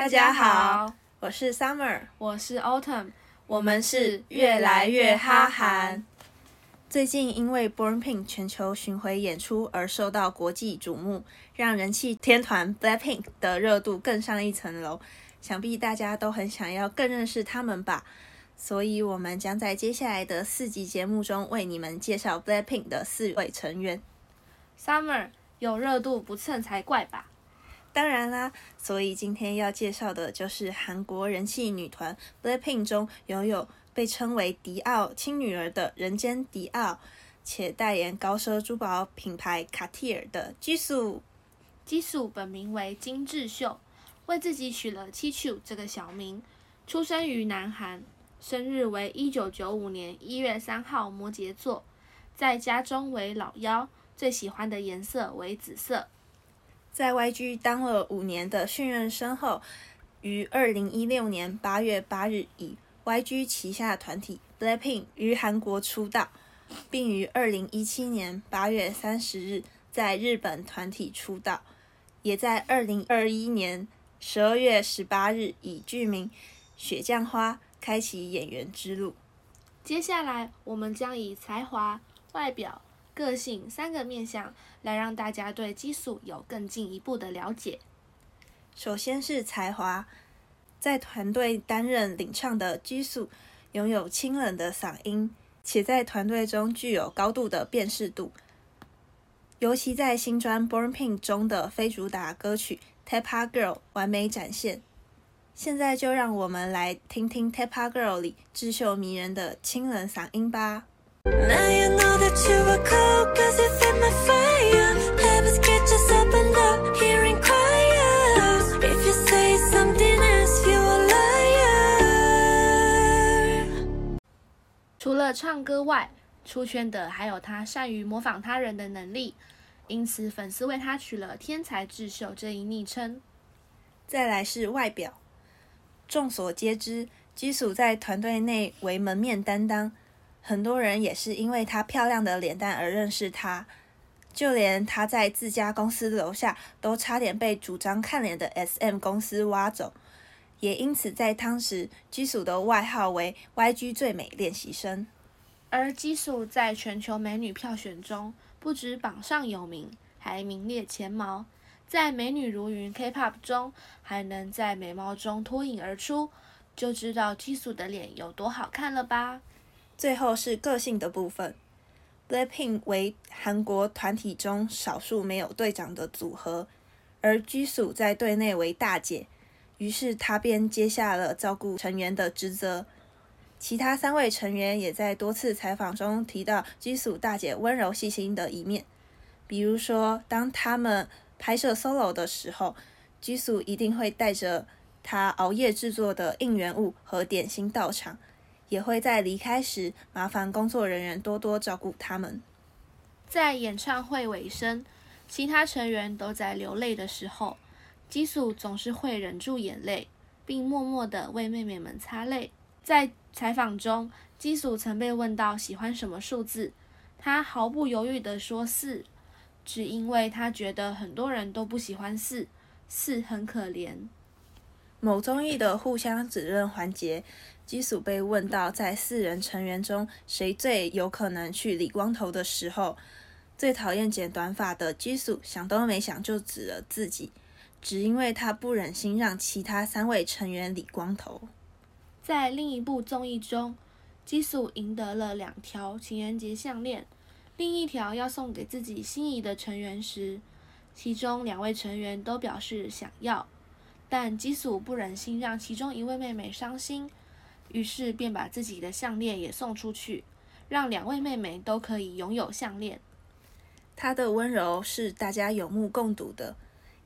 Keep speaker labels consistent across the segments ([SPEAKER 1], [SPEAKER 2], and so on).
[SPEAKER 1] 大家好，
[SPEAKER 2] 我是 Summer，我是 Autumn，我們是悅來樂哈韓。
[SPEAKER 1] 最近因為 Born Pink 全球巡迴演出而受到國際矚目，讓人氣天團 BLACKPINK 的熱度更上一層樓。想必大家都很想要更認識他們吧，所以我們將在接下來的四集節目中為你們介紹 BLACKPINK 的四位成員。Summer，有熱度不蹭才怪吧！當然啦，所以今天要介紹的就是韓國人氣女團 BLACKPINK 中擁有被稱為“迪奧親女兒”的人間迪奧，且代言高奢珠，珠寶品
[SPEAKER 2] 牌卡地爾的 j i s o i s 本名為金智秀，為自己取了七 i 這個小名，出生於南韓，生日為一九九五年一月三號，摩羯座，在家中為老幺，最喜歡的顏色為紫色。在 YG 當了五年的訓
[SPEAKER 1] 練生後，於二零一六年八月八日以 YG 旗下的團體 BLACKPINK 於韓國出道，並於二零一七年八月三十日在日本團體出道，也在二零二一年十二月十八日以劇名《雪降花》開啟演員之
[SPEAKER 2] 路。接下來，我們將以才華、外表、個性三個面向，來讓大家對智秀有更進一步的了解。首先是才華，在團隊擔任領唱的智秀，擁
[SPEAKER 1] 有清冷的嗓音，且在團隊中具有高度的辨識度。尤其在新專《Born Pink》中的非主打歌曲《Typa Girl》完美展現。現在就讓我們來聽聽《Typa Girl》裡智秀迷人的清冷嗓音吧。Nice
[SPEAKER 2] 除了唱歌外，出圈的還有他善於模仿他人的能力，因此粉絲為他取了“天才智秀”這一昵稱。再來是外表，眾所皆知，智秀在團隊內
[SPEAKER 1] 為門面擔當。很多人也是因為她漂亮的臉蛋而認識她，就連她在自家公司樓下都差點被主張看臉的 SM 公司挖走，也因此在當時智秀的外號為 YG
[SPEAKER 2] 最美練習生。而智秀在全球美女票選中不止榜上有名，還名列前茅。在美女如雲 K-POP 中還能在美貌中脫穎而出，就知道智秀的臉有多好看了吧。最後是個性的部分。BLACKPINK 為韓國
[SPEAKER 1] 團體中少數沒有隊長的組合，而 Jisoo 在隊內為大姐，於是她便接下了照顧成員的職責。其他三位成員也在多次採訪中提到 Jisoo 大姐溫柔細心的一面，比如說當他們拍攝 solo 的時候，Jisoo 一定會帶着他熬夜制作的應援物和點心到場。也
[SPEAKER 2] 會在離開時麻
[SPEAKER 1] 煩工作人員多多照顧他們。
[SPEAKER 2] 在演唱會尾聲，其他成員都在流淚的時候，智秀總是會忍住眼淚，並默默地為妹妹們擦淚。在採訪中，智秀曾被問到喜歡什麼數字，他毫不猶豫地說四，只因為他覺得很多人都不喜歡四，四很可憐。
[SPEAKER 1] 某綜藝的互相指認環節，智秀被問到在四人成員中誰最有可能去理光頭的時候，最討厭剪短髮的智秀想都沒想就指了自己，只因為他不忍心讓其他三位成員理光頭。
[SPEAKER 2] 在另一部綜藝中，智秀贏得了兩條情人節項鏈，另一條要送給自己心儀的成員時，其中兩位成員都表示想要。但智秀不忍心讓其中一位妹妹傷心，於是便把自己的項鏈也送出去，讓兩位妹妹都可以擁有項鏈。她的溫柔是大家有目共睹的，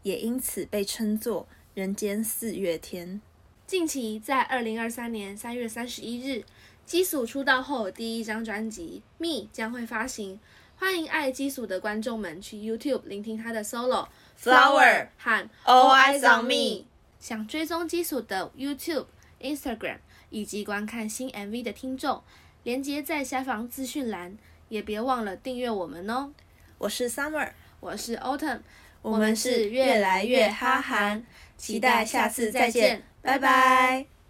[SPEAKER 2] 也因此被稱作“
[SPEAKER 1] 人間四月天”。
[SPEAKER 2] 近期在二零二三年三月三十一日，智秀出道後第一張專輯《Me》將會發行，歡迎愛智秀的觀眾們去 YouTube 聆聽她的 solo《Flower》和《All Eyes on Me》。想追蹤智秀的 YouTube、Instagram 以及觀看新 MV 的聽眾，連接在下方資訊欄，也別忘了訂閱我們哦。我是 Summer，我是 Autumn，我，我們是悅來樂哈韓，期待下次再見，拜拜。拜拜。